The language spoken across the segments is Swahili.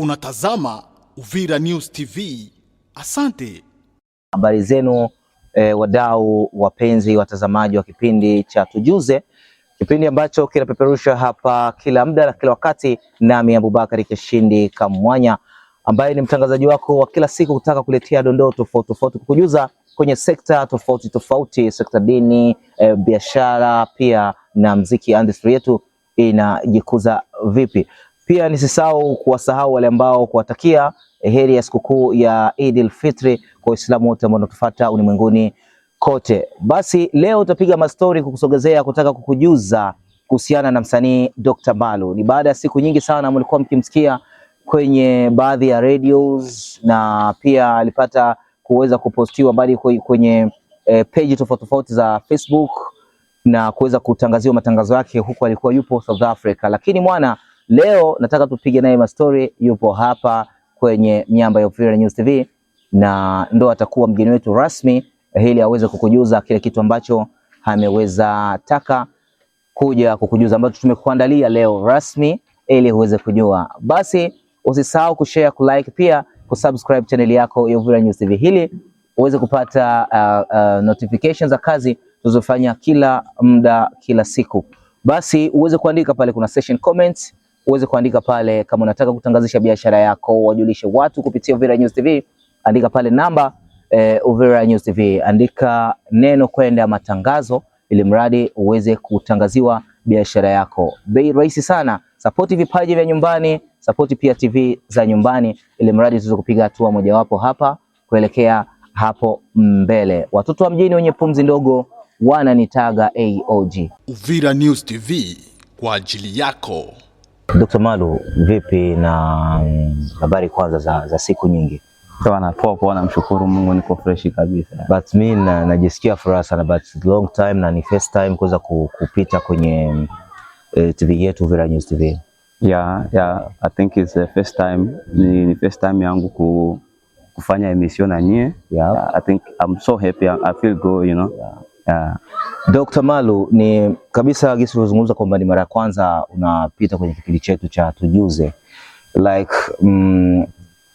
Unatazama Uvira News TV. Asante. Habari zenu eh, wadau wapenzi watazamaji wa kipindi cha Tujuze, kipindi ambacho kinapeperusha hapa kila muda na kila wakati, nami Abubakari Keshindi Kamwanya ambaye ni mtangazaji wako wa kila siku kutaka kuletea dondoo tofauti tofauti, kukujuza kwenye sekta tofauti tofauti, sekta dini, e, biashara, pia na mziki. Industry yetu inajikuza vipi? Pia nisisahau kuwasahau wale ambao kuwatakia eh, heri ya sikukuu ya Idil Fitri kwa Waislamu wote ambao natufuata ulimwenguni kote. Basi leo tutapiga mastori kukusogezea kutaka kukujuza kuhusiana na msanii Dr. Balu. Ni baada ya siku nyingi sana mlikuwa mkimsikia kwenye baadhi ya radios na pia alipata kuweza kupostiwa bali kwenye eh, e, peji tofauti tofauti za Facebook na kuweza kutangaziwa matangazo yake huku alikuwa yupo South Africa, lakini mwana Leo nataka tupige naye mastori, yupo hapa kwenye miamba ya Uvira News TV na ndo atakuwa mgeni wetu rasmi ili aweze kukujuza kile kitu ambacho ameweza taka kuja kukujuza ambacho tumekuandalia leo rasmi ili uweze kujua. Basi usisahau kushare, kulike pia kusubscribe channel yako ya Uvira News TV hili uweze kupata uh, uh, notifications za kazi tunazofanya kila muda kila siku. Basi uweze kuandika pale, kuna session comments uweze kuandika pale. Kama unataka kutangazisha biashara yako, wajulishe watu kupitia Uvira News TV, andika pale namba e, Uvira News TV, andika neno kwenda matangazo, ili mradi uweze kutangaziwa biashara yako. Bei rahisi sana. Sapoti vipaji vya nyumbani, sapoti pia TV za nyumbani, ili mradi tuweze kupiga hatua mojawapo hapa kuelekea hapo mbele. Watoto wa mjini wenye pumzi ndogo wananitaga AOG. Uvira News TV kwa ajili yako. Dr. Malu, vipi na mm, habari kwanza za, za siku nyingi? Sana poa poa, namshukuru Mungu niko fresh kabisa. But mimi na, najisikia furaha sana but long time na ni first time kuweza kupita kwenye eh, TV yetu Uvira News TV. Yeah, yeah, I think it's the first time ni, ni first time yangu ku, kufanya emission na nyie. Yeah. Yeah, I think I'm so happy. I feel good, you know. Yeah. Dr. Malu ni kabisa gisi ulizungumza kwamba ni mara ya kwanza unapita kwenye kipindi chetu cha Tujuze. Like mm,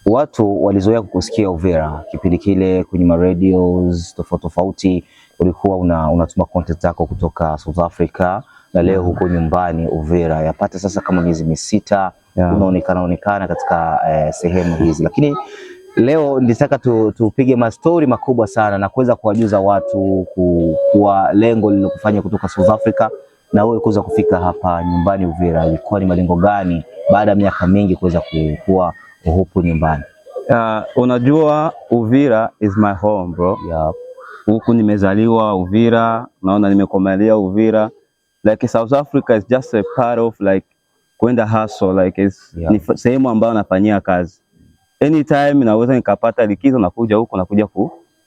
watu walizoea kukusikia Uvira kipindi kile kwenye maradios tofauti tofauti, ulikuwa una, unatuma content zako kutoka South Africa na leo huko nyumbani Uvira, yapata sasa kama miezi misita yeah. unaonekana onekana katika eh, sehemu hizi lakini Leo nilitaka tupige tu mastori makubwa sana na kuweza kuwajuza watu ku, kuwa lengo lilokufanya kutoka South Africa na wewe kuweza kufika hapa nyumbani Uvira, ilikuwa ni malengo gani baada ya miaka mingi kuweza kuwa huku nyumbani? Uh, unajua Uvira is my home bro. Yep. Huku nimezaliwa Uvira, naona nimekomalia Uvira. Like South Africa is just a part of like kwenda hustle like yep. Ni sehemu ambayo nafanyia kazi anytime naweza nikapata likizo nakuja huko nakuja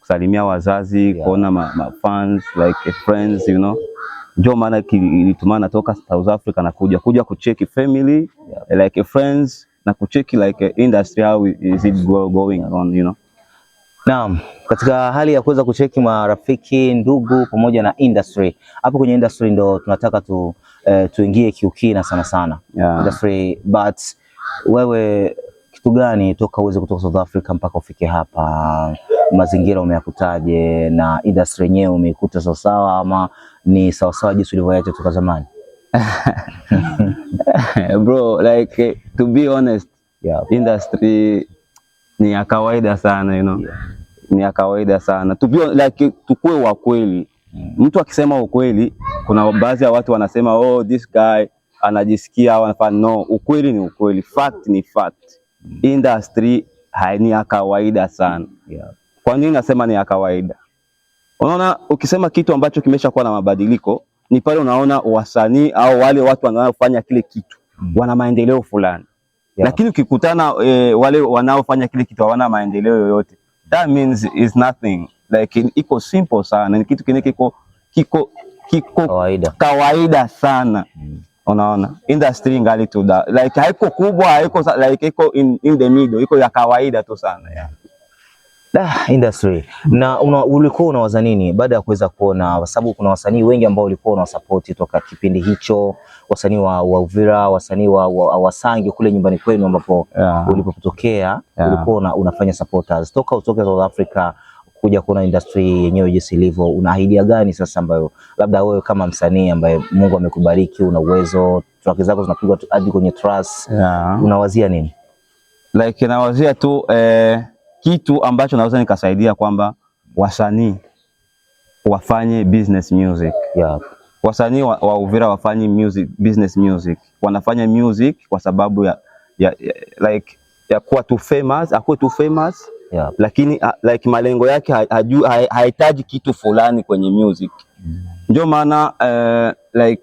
kusalimia wazazi yeah. kuona ma, ma fans like friends you know, ndio maana ilitumana natoka South Africa na kuja kucheck family yeah. like friends na kucheki like industry how is it going on you know. Naam, katika hali ya kuweza kucheki marafiki, ndugu pamoja na industry. Hapo kwenye industry ndo tunataka tu, eh, tuingie kiukina sana sana yeah. industry but wewe kitu gani toka uweze kutoka South Africa mpaka ufike hapa? Mazingira umeyakutaje na industry yenyewe umeikuta sawasawa ama ni sawasawa jinsi ulivyoacha toka zamani? Bro, like to be honest, yeah. Industry ni ya kawaida sana you know? Yeah. Ni ya kawaida sana to be like, tukue wa kweli mm. Mtu akisema ukweli, kuna baadhi ya watu wanasema oh, this guy anajisikia au anafanya. No, ukweli ni ukweli, fact ni fact industry hai ni ya kawaida sana yeah. Kwa nini nasema ni ya kawaida? Unaona, ukisema kitu ambacho kimeshakuwa na mabadiliko ni pale unaona wasanii au wale watu wanaofanya kile kitu mm. wana maendeleo fulani yeah. Lakini ukikutana e, wale wanaofanya kile kitu hawana maendeleo yoyote, that means is nothing like iko simple sana, ni kitu kile kiko kiko kiko kawaida, kawaida sana mm. Unaona, industry ngali tu da like haiko kubwa, haiko like iko in, in the middle, iko ya kawaida tu sana yeah. Da, industry na una, ulikuwa unawaza nini baada ya kuweza kuona, kwa sababu kuna wasanii wengi ambao ulikuwa unawasapoti toka kipindi hicho, wasanii wa, wa Uvira, wasanii wa, wa, Wasangi kule nyumbani kwenu ambapo yeah. ulipotokea yeah. ulikuwa una, unafanya supporters toka utoke South Africa kuja kuona industry yenyewe jinsi ilivyo, una idea gani sasa ambayo labda wewe kama msanii ambaye Mungu amekubariki una uwezo, track zako zinapigwa hadi kwenye trust, yeah. unawazia nini? Like nawazia tu eh, kitu ambacho naweza nikasaidia kwamba wasanii wafanye business music yeah. Wasanii wa, wa Uvira wafanye music, business music. Wanafanya music kwa sababu ya, ya, ya, like ya kuwa tu famous, akuwe tu famous yeah. Lakini ah, like malengo yake hahitaji kitu fulani kwenye music mm. Ndio maana uh, like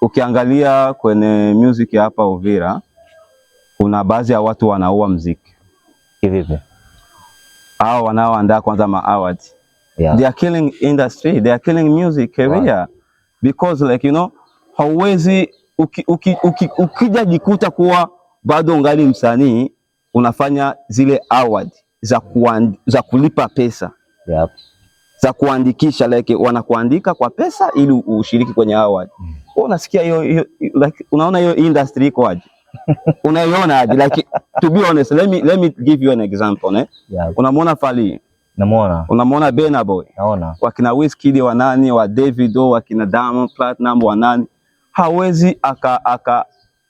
ukiangalia kwenye music ya hapa Uvira kuna baadhi ya watu wanaua mziki hivi hao wanaoandaa kwanza ma awards yeah. They are killing industry, they are killing music career wow. Because like you know hauwezi ukija uki, uki, uki jikuta kuwa bado ungali msanii unafanya zile award za, kuand, za kulipa pesa yep. za kuandikisha like, wanakuandika kwa pesa ili ushiriki kwenye award mm. Unasikia hiyo like, unaona hiyo industry iko aje? unaiona aje? like to be honest, let me let me give you an example ne Yep. Unamwona fali Namuona. Unamwona Burna Boy. Naona. Wakina Wizkid wa nani, wa Davido, wakina Diamond Platinum wa nani. Hawezi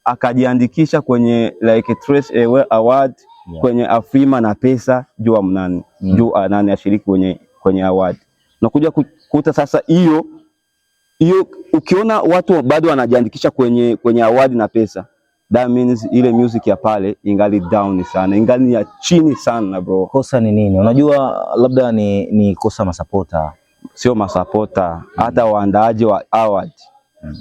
akajiandikisha aka, aka kwenye like Trace Award yeah. kwenye Afrima na pesa juu mnani mm. juu ah, nani ashiriki kwenye kwenye award. Nakuja kukuta sasa hiyo hiyo, ukiona watu bado wanajiandikisha kwenye kwenye award na pesa, that means ile music ya pale ingali down sana, ingali ya chini sana bro. Kosa ni nini? Unajua, labda ni ni kosa masapota, sio masapota mm. hata mm. waandaaji wa award mm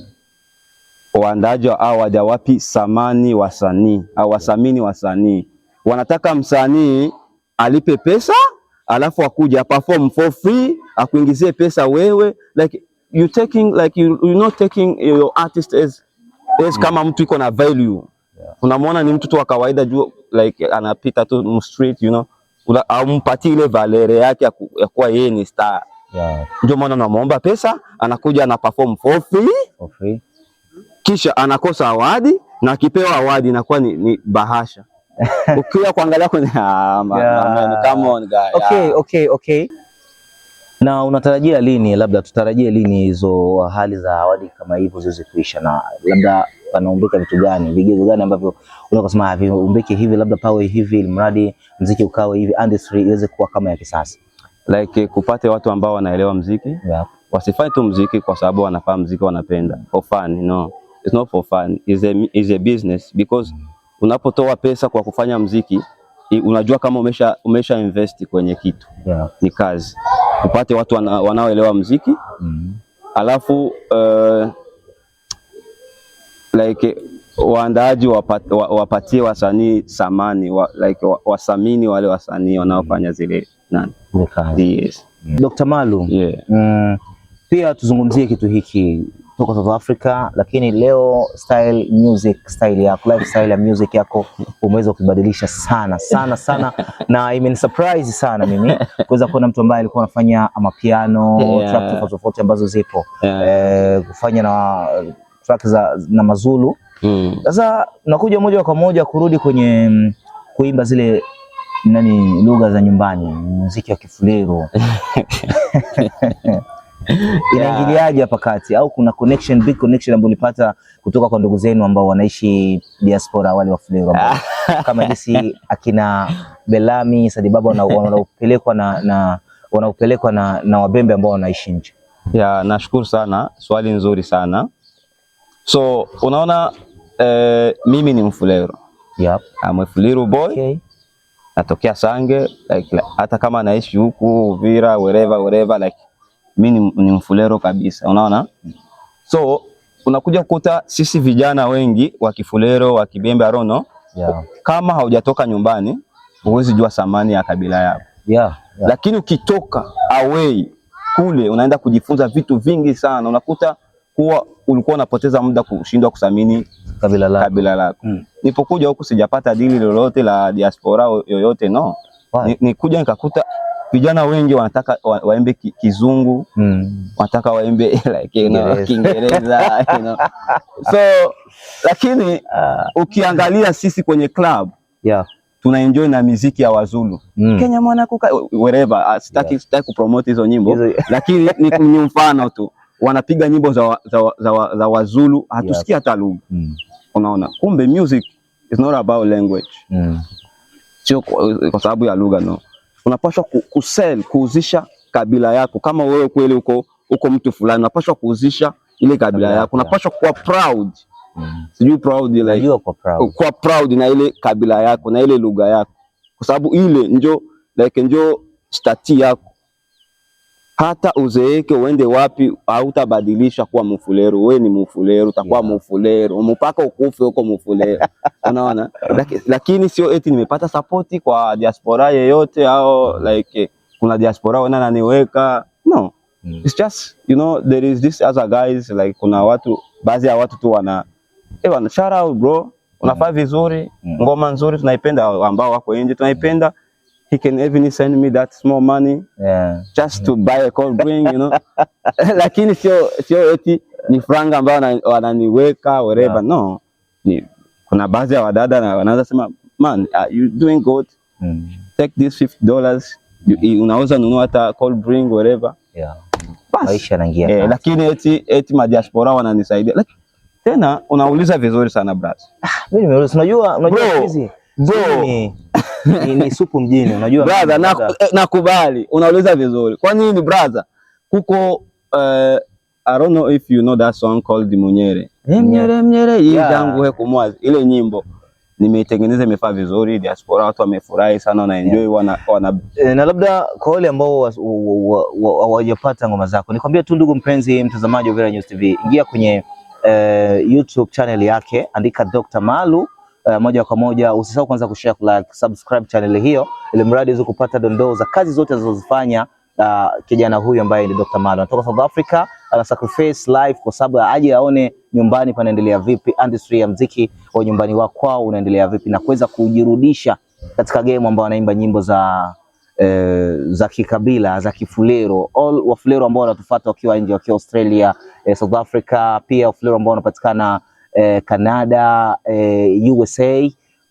waandaaji wa award hawapi samani wasanii au wasamini wasanii wanataka msanii alipe pesa alafu akuja perform for free akuingizie pesa wewe, like you taking like you, you not taking your artist as, as kama mtu iko na value yeah. Unamwona ni mtu tu wa kawaida juu like anapita tu street you know, ampati ile valere yake ya kuwa yeye ni star yeah. Ndio maana unamwomba pesa anakuja ana perform for free, for free, kisha anakosa awadi na akipewa awadi inakuwa ni, ni bahasha ukiwa kuangalia kwenye ah, okay, okay, okay. Na unatarajia lini, labda tutarajie lini hizo hali za awali kama hivyo ziweze kuisha, na labda panaumbika vitu gani, vigezo gani ambavyo unaweza kusema ah, viumbike hivi, labda pawe hivi, ili mradi mziki ukawe hivi, industry iweze kuwa kama ya kisasa, like eh, kupate watu ambao wanaelewa mziki yeah. Wasifanye tu mziki kwa sababu wanafaa mziki, wanapenda for fun, no it's not for fun, it's a, it's a business because mm unapotoa pesa kwa kufanya mziki unajua kama umesha, umesha invest kwenye kitu yeah. Ni kazi upate watu wana, wanaoelewa mziki mm -hmm. Alafu uh, like waandaaji wapatie wasanii samani wa, like wasamini wale wasanii wanaofanya mm-hmm. zile nani. Yes. Dr. Malu yeah. Mm, pia tuzungumzie kitu hiki tuko South Africa, lakini leo style music, style yako lifestyle ya music yako umeweza kubadilisha sana sana sana na imeni surprise sana mimi kuweza kuona mtu ambaye alikuwa anafanya amapiano yeah. track tofauti tofauti ambazo zipo yeah. eh, kufanya na eh, track za na Mazulu hmm. sasa mm. nakuja moja kwa moja kurudi kwenye mm, kuimba zile nani lugha za nyumbani, muziki wa Kifuliru inaingiliaje hapa kati, au kuna connection, big connection ambayo ulipata kutoka kwa ndugu zenu ambao wanaishi diaspora, wale Wafulero kama jinsi akina Belami Sadibaba wanaopelekwa na, na wanaopelekwa na, na wabembe ambao wanaishi nje ya. Nashukuru sana, swali nzuri sana. So unaona eh, mimi ni Mfulero. Yep. I'm a Fulero boy. Okay. Natokea Sange like, hata kama naishi huku Uvira wherever wherever like mi ni, ni mfulero kabisa, unaona so unakuja kukuta sisi vijana wengi wa Kifulero wa Kibembe Arono yeah. Kama haujatoka nyumbani huwezi jua thamani ya kabila yako yeah, yeah. Lakini ukitoka away kule unaenda kujifunza vitu vingi sana, unakuta kuwa ulikuwa unapoteza muda kushindwa kuthamini kabila lako, kabila lako. Mm. Nipokuja huku sijapata dili lolote la diaspora yoyote no. Nikuja ni nikakuta vijana wengi wanataka wa, waimbe kizungu mm. wanataka waimbe like, you know, yes. Kiingereza you know. So lakini uh, ukiangalia sisi kwenye club yeah. tuna enjoy na miziki ya Wazulu mm. Kenya mwana kuka wherever, ah, sitaki sitaki kupromote hizo nyimbo lakini ni, kwa mfano tu wanapiga nyimbo za, za, za, za, za Wazulu yeah. hata lugha mm. Unaona, kumbe music is not about language mm. Sio kwa sababu ya lugha no unapaswa kusell kuuzisha kabila yako. Kama wewe kweli uko uko mtu fulani, unapaswa kuuzisha ile kabila yako, unapaswa kuwa proud mm. sijui proud ile like, kuwa proud na ile kabila yako na ile lugha yako, kwa sababu ile njo like njo stati yako hata uzeeke uende wapi, hautabadilisha kuwa mufuleru. Wewe ni mufuleru, utakuwa yeah. mufuleru mpaka ukufe huko mufuleru unaona. lakini, lakini sio eti nimepata sapoti kwa diaspora yeyote au like kuna diaspora wana naniweka no mm. It's just you know there is this other guys like kuna watu baadhi ya watu tu wana eh wana shout out bro, unafaa mm. vizuri mm. ngoma nzuri tunaipenda, ambao wako nje tunaipenda mm he can even send me that small money yeah. just yeah. to buy a cold drink you know lakini sio sio eti ni franga ambayo wananiweka whatever no ni, kuna baadhi ya wadada na wanaanza sema man are you doing good mm. take this 50 dollars yeah. unaweza nunua hata cold drink whatever yeah. Basi, eh, lakini eti eti madiaspora wananisaidia tena unauliza vizuri sana brother. Ah, mimi nimeuliza unajua unajua hizi bro ni, ni supu mjini unajua brother, eh, nakubali na, unauliza vizuri. Kwa nini brother? Kuko uh, I don't know if you know that song called eh, Munyere. Munyere Munyere hii dangu he kumwazi ile nyimbo nimeitengeneza imefaa vizuri, diaspora watu wamefurahi sana wana enjoy yeah. Wana, wana... E, na labda kwa wale ambao hawajapata ngoma zako, nikwambia tu ndugu mpenzi mtazamaji wa Uvira News TV, ingia kwenye uh, YouTube channel yake, andika Dr. Malu uh, moja kwa moja. Usisahau kwanza kushare, like, subscribe channel hiyo, ili mradi uweze kupata dondoo za kazi zote zinazozifanya uh, kijana huyu ambaye ni Dr. Malo anatoka South Africa, ana sacrifice life kwa sababu aje aone nyumbani panaendelea vipi, industry ya mziki wa nyumbani wa kwao unaendelea vipi, na kuweza kujirudisha katika game ambao anaimba nyimbo za E, za kikabila za kifulero, all wafulero ambao wanatufuata wakiwa nje, wakiwa Australia, e, South Africa, pia wafulero ambao wanapatikana eh, Canada eh, USA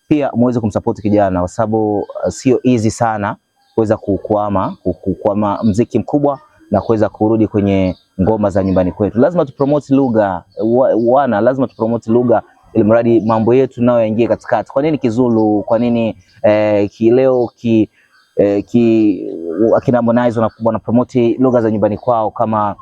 pia muweze kumsapoti kijana, kwa sababu eh, sio easy sana kuweza kukwama kukwama mziki mkubwa na kuweza kurudi kwenye ngoma za nyumbani kwetu. Lazima tupromote lugha wana, lazima tupromote lugha ili mradi mambo yetu nayo yaingie katikati. Kwa nini Kizulu? Kwa nini eh, kileo ki, eh, ki, akina Harmonize wanapromote lugha za nyumbani kwao kama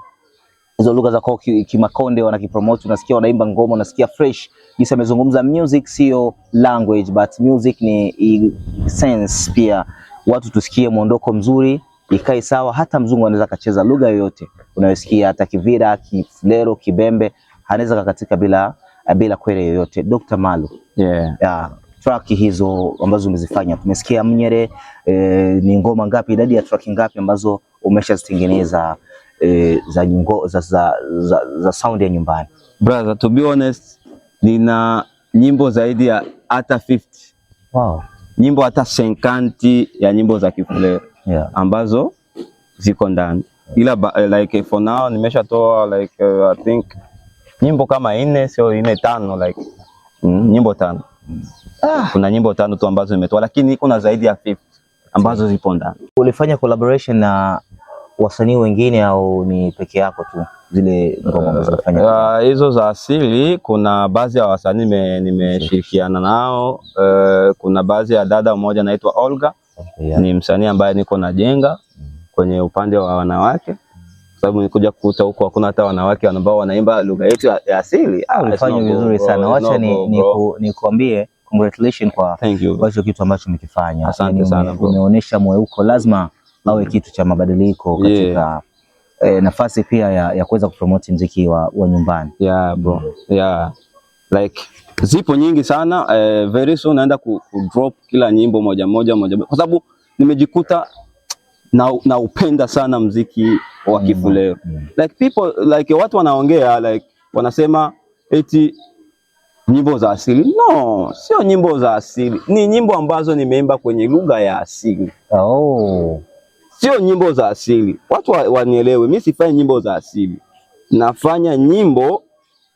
hizo lugha za kwao Kimakonde wanakipromote, unasikia wanaimba ngoma, unasikia fresh. Jinsi amezungumza music sio language, but music ni sense pia. Watu tusikie mwondoko mzuri, ikae sawa. Hata mzungu anaweza kacheza lugha yoyote unayosikia, hata Kivira, Kifulero, Kibembe, anaweza kakatika bila bila kwere yoyote. Dr. Malu yeah. yeah. Track hizo ambazo umezifanya tumesikia mnyere eh, ni ngoma ngapi, idadi ya track ngapi ambazo umeshazitengeneza? e, za, nyungo, za, za, za, za sound ya nyumbani. Brother, to be honest, nina nyimbo zaidi ya hata 50. Wow. Nyimbo hata senkanti ya nyimbo za kifulero yeah, ambazo ziko ndani ila eh, like eh, for now nimeshatoa like uh, I think nyimbo kama nne, sio nne, tano like mm, nyimbo tano Ah, kuna nyimbo tano tu ambazo nimetoa, lakini kuna zaidi ya 50 ambazo zipo ndani. Ulifanya collaboration na wasanii wengine au ni peke yako tu zile ngoma eh, unazofanya? Uh, hizo za asili, kuna baadhi ya wasanii nimeshirikiana nao uh, kuna baadhi ya dada mmoja anaitwa Olga yeah. Ni msanii ambaye niko najenga kwenye upande wa wanawake sababu nikuja kukuta huko hakuna hata wanawake ambao wanaimba lugha yetu ya asili. Ah, ah, Umefanya vizuri sana, wacha nikuambie ni, ni congratulations kwa hicho kitu ambacho umekifanya. Asante yaani sana, umeonyesha mweuko lazima awe mm. kitu cha mabadiliko katika yeah. eh, nafasi pia ya, ya kuweza kupromote mziki wa, wa nyumbani yeah, bro. Mm. Yeah. Like zipo nyingi sana eh, very soon naenda ku, ku drop kila nyimbo moja moja moja, kwa sababu nimejikuta na, na upenda sana mziki wa Kifuleo mm, mm. Like people like watu wanaongea like wanasema eti nyimbo za asili. No, sio nyimbo za asili, ni nyimbo ambazo nimeimba kwenye lugha ya asili oh sio nyimbo za asili. Watu wanielewe, mimi sifanyi nyimbo za asili, nafanya nyimbo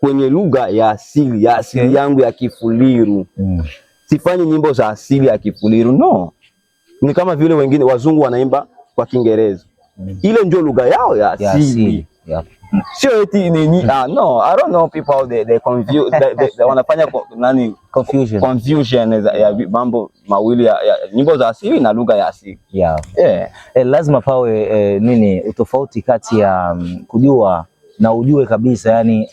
kwenye lugha ya asili ya asili okay, yangu ya Kifuliru mm. Sifanyi nyimbo za asili ya Kifuliru no, ni kama vile wengine wazungu wanaimba kwa Kiingereza mm. Ile ndio lugha yao ya asili, ya asili. Yeah sio eti ni Ah, no, I don't know people how they they confuse they, they, they wanafanya nani confusion confusion eh, ya mambo mawili ya, ya nyimbo za asili na lugha ya asili yeah. Yeah. Eh, lazima pawe eh, nini utofauti kati ya um, kujua na ujue kabisa yani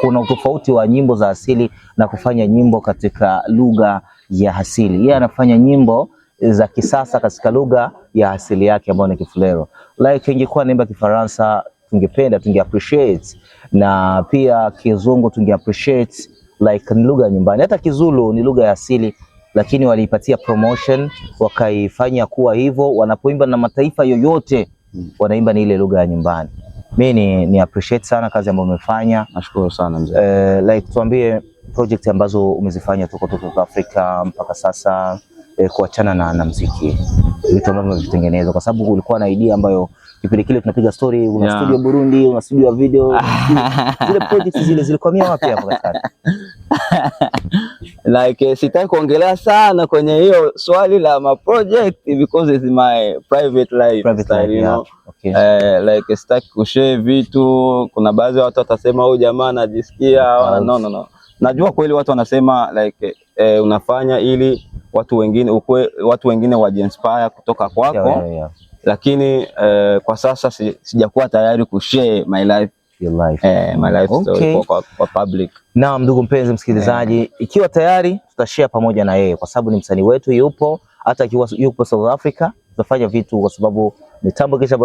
kuna utofauti wa nyimbo za asili na kufanya nyimbo katika lugha ya asili. Yeye anafanya nyimbo eh, za kisasa katika lugha ya asili yake ambayo ni Kifulero. Like ingekuwa naimba Kifaransa tungependa tunge appreciate, na pia Kizungu tunge appreciate like ni lugha ya nyumbani. Hata Kizulu ni lugha ya asili, lakini waliipatia promotion wakaifanya kuwa hivyo, wanapoimba na mataifa yoyote wanaimba ni ile lugha ya nyumbani. Mi ni, ni appreciate sana kazi ambayo umefanya. Nashukuru sana mzee. Uh, like tuambie project ambazo umezifanya toka toka Afrika mpaka sasa eh, kuachana na, na mziki vitu ambavyo vitengenezwa, kwa sababu ulikuwa na idea ambayo kipindi kile tunapiga story, una yeah. studio Burundi, una studio ya video zile projects zile zilikwamia wapi hapo katikati? Like, eh, sitaki kuongelea sana kwenye hiyo swali la ma project because it's my private life, private style, life, you know? yeah. Okay. Eh, like sitaki kushare vitu. Kuna baadhi ya watu watasema huyu oh, jamaa anajisikia yeah. no, no, no. Najua kweli watu wanasema like eh, unafanya ili watu wengine ukwe, watu wengine wajiinspire kutoka kwako yeah, yeah, yeah lakini uh, kwa sasa sijakuwa tayari kushare my life eh, Naam, ndugu mpenzi msikilizaji yeah. ikiwa tayari tutashare pamoja na yeye kwa sababu ni msanii wetu, yupo hata akiwa yupo South Africa tutafanya vitu kwa sababu mitambo kisha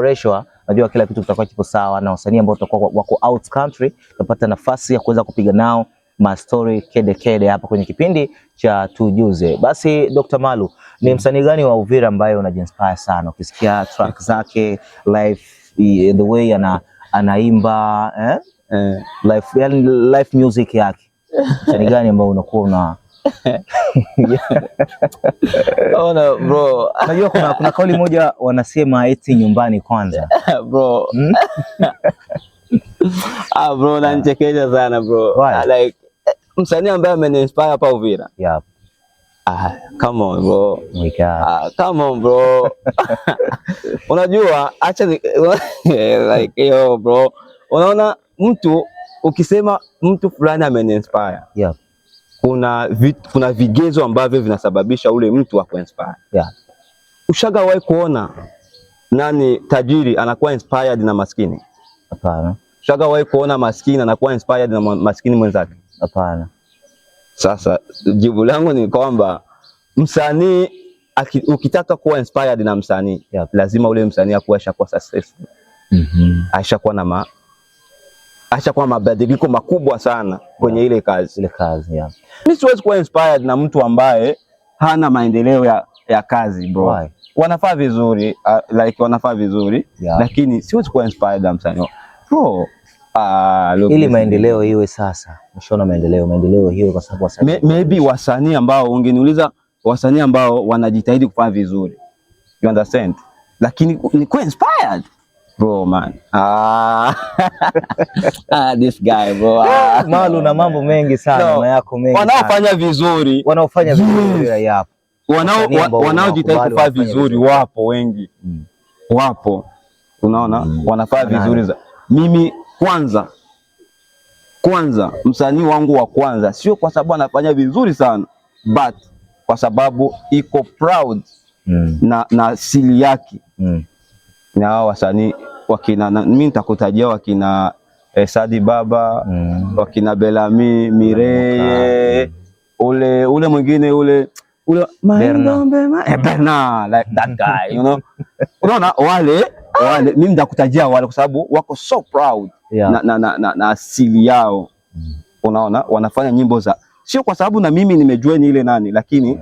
najua kila kitu kitakuwa kipo sawa, na wasanii ambao tutakuwa wako out country tutapata nafasi ya kuweza kupiga nao mastori kede kede hapa kwenye kipindi cha Tujuze. Basi Dr. Malu, ni mm. msanii gani wa Uvira ambaye unajinspire sana ukisikia track zake life, eh, the way ana anaimba eh? Eh. Life, yani life music yake msanii gani ambao unakuwa una Oh no, bro, Najua kuna, kuna kauli moja wanasema eti nyumbani kwanza bro. Hmm? Ah bro, unanichekesha ah. sana bro. Why? Ah, like msanii ambaye ameniinspire hapa Uvira. Yep. Ah, come on bro. Oh ah, come on bro. Unajua acha like yo bro. Unaona mtu ukisema mtu fulani ameniinspire. Yep. Kuna vit, kuna vigezo ambavyo vinasababisha ule mtu wa akuinspire. Yeah. Ushagawahi kuona nani tajiri anakuwa inspired na maskini? Hapana. Ushagawahi kuona maskini anakuwa inspired na maskini mwenzake? Hapana. Sasa jibu langu ni kwamba msanii ukitaka kuwa inspired na msanii yeah, lazima ule msanii akuwe ashakuwa successful mm -hmm. ashakuwa na ma ashakuwa mabadiliko makubwa sana kwenye yeah. ile kazi ile kazi yeah. Mimi siwezi kuwa inspired na mtu ambaye hana maendeleo ya, ya kazi bro Why? wanafaa vizuri uh, like wanafaa vizuri yeah. lakini siwezi kuwa inspired na msanii bro Uh, ili maendeleo iwe sasa, mshaona maendeleo, maendeleo hiyo kwa sababu wasanii maybe wasanii ambao ungeniuliza wasanii ambao wanajitahidi kufanya vizuri, you understand, lakini ni kwa inspired bro man ah, ah this guy bro ah. Malu na mambo mengi sana no, yako mengi wanaofanya vizuri wanaofanya vizuri yes. Yapo wanao wanaojitahidi wana kufanya vizuri wapo wengi mm. Wapo unaona mm. Wanafanya vizuri za mimi kwanza kwanza, msanii wangu wa kwanza, sio kwa sababu anafanya vizuri sana, but kwa sababu iko proud mm. na, na asili yake mm. na hao wasanii wakina, mimi nitakutajia wakina eh, Sadi Baba mm. wakina Belami Mireye mm. ule ule mwingine ule ule Berna eh, like that guy you know unaona wale wale, mimi nitakutajia wale kwa sababu wako so proud yeah. na, na, na, na, na asili yao mm. Unaona, wanafanya nyimbo za sio kwa sababu na mimi nimejua ni ile nani, lakini yeah.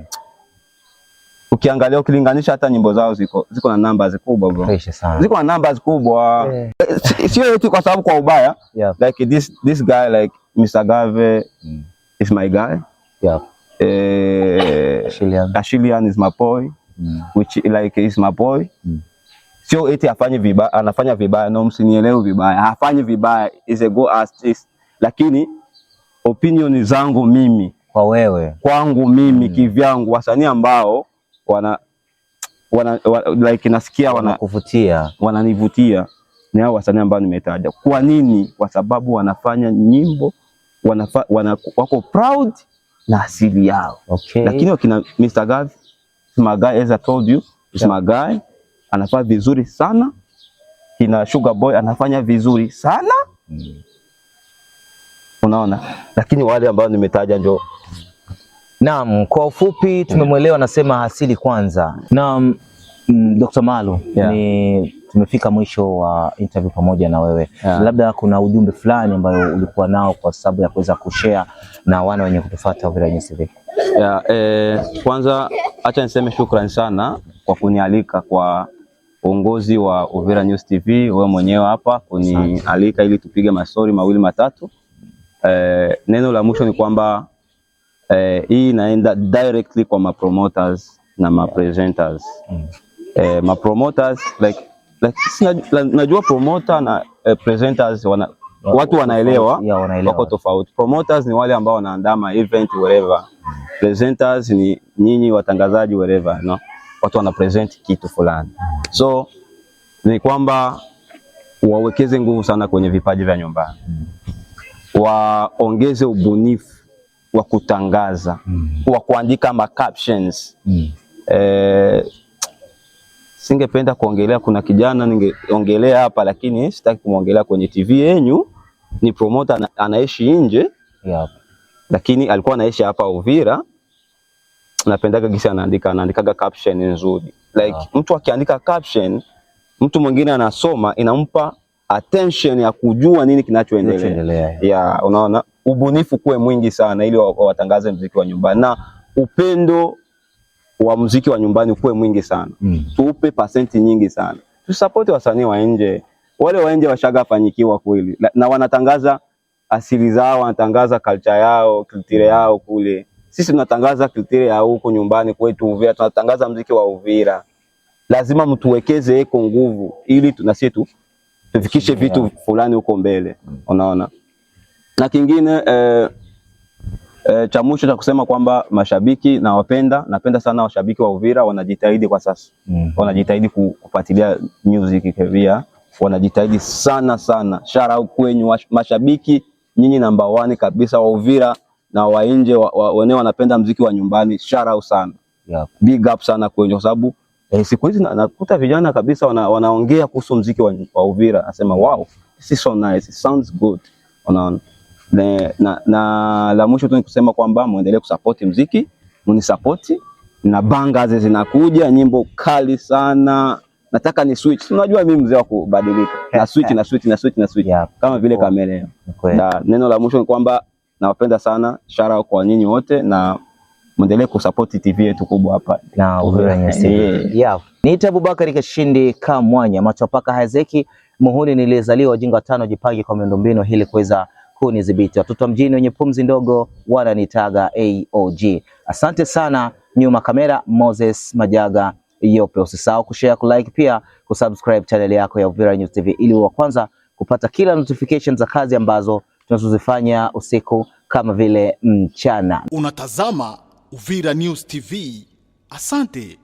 Ukiangalia ukilinganisha hata nyimbo zao ziko ziko na numbers kubwa bro, ziko na numbers kubwa yeah. Eh, sio eti kwa sababu kwa ubaya yeah. Like this this guy like Mr Gave mm. is my guy yeah. Eh, Ashilian. Ashilian is my boy mm. which like is my boy mm sio eti afanye vibaya, anafanya vibaya, no, msinielewe vibaya, hafanyi vibaya, is a go artist, lakini opinion zangu mimi kwa wewe, kwangu mimi mm. kivyangu, wasanii ambao wana wana, wana like nasikia wanakuvutia wana, wananivutia ni hao wasanii ambao nimetaja. Kwa nini? Kwa sababu wanafanya nyimbo wanafa, wana, wako proud na asili yao okay. Lakini wakina Mr. Gavi, my guy as I told you, is my guy anafaa vizuri sana, kina Sugar Boy anafanya vizuri sana mm. Unaona, lakini wale ambao nimetaja njo. Naam, kwa ufupi tumemwelewa, nasema asili kwanza. Naam, mm, Dr. Malu yeah. ni tumefika mwisho wa interview pamoja na wewe yeah. Labda kuna ujumbe fulani ambayo ulikuwa nao kwa sababu ya kuweza kushare na wana wenye kutufuata Uvira News TV. Yeah, eh, kwanza acha niseme shukrani sana kwa kunialika kwa uongozi wa Uvira News TV, wewe mwenyewe hapa kunialika ili tupige masori mawili matatu. Eh, neno la mwisho ni kwamba eh, hii inaenda directly kwa mapromoters na mapresenters presenters. Mm. Eh, ma like, like sina, najua promoter na eh, presenters wana, watu wanaelewa, wanaelewa wako tofauti. Promoters ni wale ambao wanaandaa ma event wherever. Presenters ni nyinyi watangazaji wherever, no? watu present kitu fulani. So ni kwamba wawekeze nguvu sana kwenye vipaji vya nyumbani, waongeze ubunifu wa kutangaza wa kuandika ma captions mm. Eh, singependa kuongelea, kuna kijana ningeongelea hapa lakini sitaki kumwongelea kwenye TV yenyu. Ni promoter anaishi nje Lakini alikuwa anaishi hapa Uvira napendaga gisi anaandika, anaandikaga caption nzuri like ah. Mtu akiandika caption mtu mwingine anasoma inampa attention ya kujua nini kinachoendelea yeah. Unaona, ubunifu kuwe mwingi sana ili watangaze mziki wa nyumbani na upendo wa mziki wa nyumbani kuwe mwingi sana mm. Tuupe pasenti nyingi sana, tusapoti wasanii wa nje. Wale wa nje washagafanyikiwa kweli, na wanatangaza asili zao, wanatangaza culture yao, kulture yao kule sisi tunatangaza kriteria ya huko nyumbani kwetu Uvira, tunatangaza mziki wa Uvira. Lazima mtuwekeze eko nguvu ili tunasi tu tufikishe vitu fulani huko mbele, mm. unaona. Na kingine eh, eh, cha mwisho cha kusema kwamba mashabiki na wapenda, napenda sana washabiki wa Uvira wanajitahidi kwa sasa mm. wanajitahidi kufuatilia music kevia, wanajitahidi sana sana. Shout out kwenyu mashabiki, nyinyi namba 1 kabisa wa Uvira na wainje wa wa, wenyewe wanapenda mziki wa nyumbani. Sharau sana yep. Big up sana kwenye, kwa sababu eh, siku hizi nakuta vijana kabisa wana, wanaongea kuhusu mziki wa, wa Uvira, nasema wow, this is so nice, it sounds good, unaona na, na, na la mwisho tu ni kusema kwamba muendelee kusupport mziki, munisapoti na bangazi zinakuja nyimbo kali sana. Nataka ni switch, unajua mimi mzee wa kubadilika na switch na switch na switch na switch kama vile oh, Kameleo. Na neno la mwisho ni kwamba Nawapenda sana, shara kwa nyinyi wote na mwendelee kusupport TV yetu kubwa hapa na Uvira News. Eh. Yeah. Yeah. Niita Abubakari Kashindi Kamwanya, macho paka hazeki muhuni, nilizaliwa jinga tano, jipange kwa miundombinu hili kuweza kunidhibiti. Watoto mjini wenye pumzi ndogo wananitaga AOG. Asante sana, nyuma kamera Moses Majaga Yope. Usisahau kushare, kulike pia kusubscribe channel yako ya Uvira News TV ili wa kwanza kupata kila notification za kazi ambazo tunazozifanya usiku kama vile mchana. Unatazama Uvira News TV. Asante.